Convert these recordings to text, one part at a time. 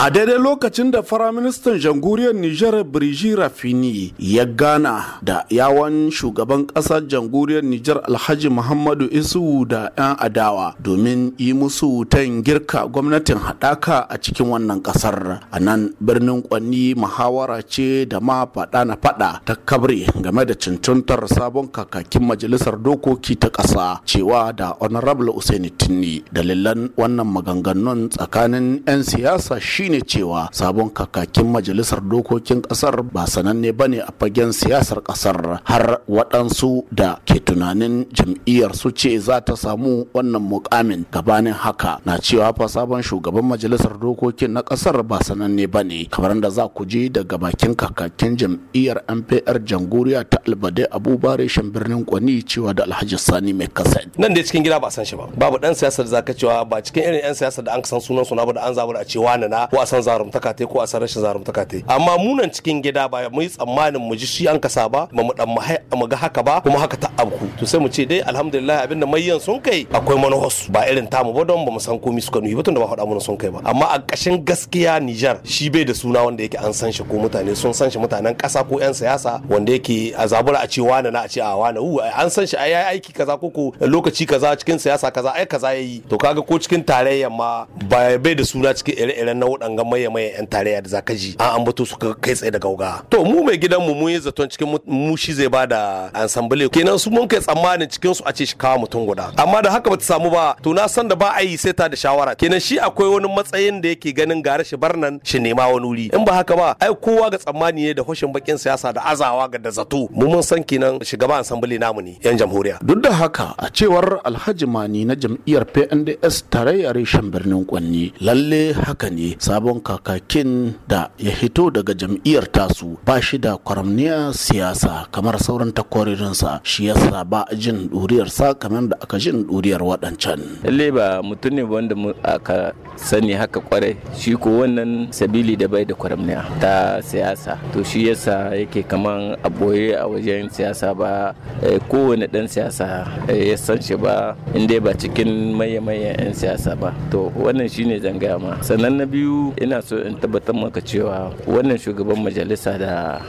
a daidai lokacin da firaministan jamhuriyar nijar birji rafini ya gana da yawan shugaban ƙasar jamhuriyar nijar alhaji muhammadu isu da 'yan adawa domin yi musu wutan girka gwamnatin haɗaka a cikin wannan ƙasar a nan birnin kwanni muhawara ce da ma faɗa na faɗa ta kabri game da cintuntar sabon kakakin majalisar dokoki ta ƙasa cewa da honorable usaini tinni dalilan wannan maganganun tsakanin 'yan siyasa shi shine cewa sabon kakakin majalisar dokokin kasar ba sananne bane a fagen siyasar kasar har waɗansu da ke tunanin jam'iyyar su ce za ta samu wannan mukamin gabanin haka na cewa fa sabon shugaban majalisar dokokin na kasar ba sananne bane kamar da za ku je daga bakin kakakin jam'iyyar MPR janguriya ta Albade Abubare shan birnin Kwani cewa da Alhaji Sani mai kasa nan dai cikin gida ba san shi ba babu dan siyasar da zaka cewa ba cikin irin yan siyasar da an san sunan su na ba da an zaba a cewa na na ko a san zarumtaka ta ko a san rashin zarumtaka ta amma munan cikin gida ba mu yi tsammanin mu ji shi an kasa ba ba mu dan mu ga haka ba kuma haka ta abku to sai mu ce dai alhamdulillah abinda mayyan sun kai akwai manhos ba irin tamu ba don ba mu san komi suka nuyi ba tun da ba faɗa mana sun kai ba amma a ƙashin gaskiya Nijar shi bai da suna wanda yake an san shi ko mutane sun san shi mutanen ƙasa ko 'yan siyasa wanda yake a zabura a ce wani na a ce a wani wu an san shi a yayi aiki kaza ko ko lokaci kaza cikin siyasa kaza ai kaza yayi to kaga ko cikin tarayya ma bai da suna cikin ire-iren nau'ukan an ga maye maye yan tarayya da zaka ji an ambato su kai tsaye da gauga to mu mai gidan mu mu yi zaton cikin mu shi zai bada ansambule kenan su mun kai tsammanin cikin su a ce shi kawo mutum guda amma da haka bata samu ba to na san da ba a yi sai ta da shawara kenan shi akwai wani matsayin da yake ganin gare shi bar nan shi nema wani wuri in ba haka ba ai kowa ga tsammani ne da hoshin bakin siyasa da azawa ga da zato mu mun san kenan shugaba ansambule namu ne yan jamhuriya duk da haka a cewar alhaji mani na jam'iyyar pnds tarayyar reshen birnin kwanni lalle haka ne sabon kakakin da ya hito daga jam'iyyar tasu ba shi da kwaramniya siyasa kamar sauran takwarorinsa shi yasa ba jin sa kamar da aka jin ɗuriyar waɗancan. Lalle ba mutum ne wanda aka sani haka kwarai shi ko wannan sabili da bai da kwaramniya ta siyasa to shi yasa yake kamar a boye a wajen siyasa ba eh, kowane ɗan siyasa eh, ya san shi ba inda ba cikin maye-maye 'yan siyasa ba to wannan shine zan ma sannan na biyu ina so in tabbatar maka cewa wannan shugaban majalisa da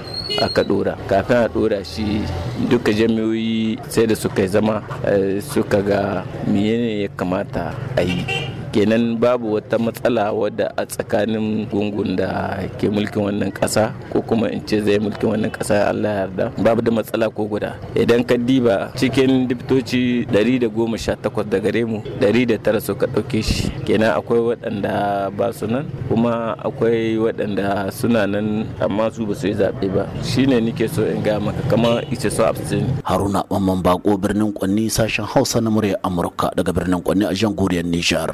aka dora kafin a dora shi duka jami'oyi sai da suka zama eh, suka ga ne ya kamata a yi kenan babu wata matsala wadda a tsakanin gungun da ke mulkin wannan kasa ko kuma in ce zai mulkin wannan kasa Allah yarda babu da matsala ko guda idan ka diba cikin diptoci 118 da gare mu 109 suka ɗauke shi kenan akwai waɗanda ba su nan kuma akwai waɗanda suna nan amma su ba su yi zaɓe ba shine nike so in ga maka kama ice so abstain haruna mamman bako birnin kwanni sashen hausa na murya amurka daga birnin kwanni a jamhuriyar nijar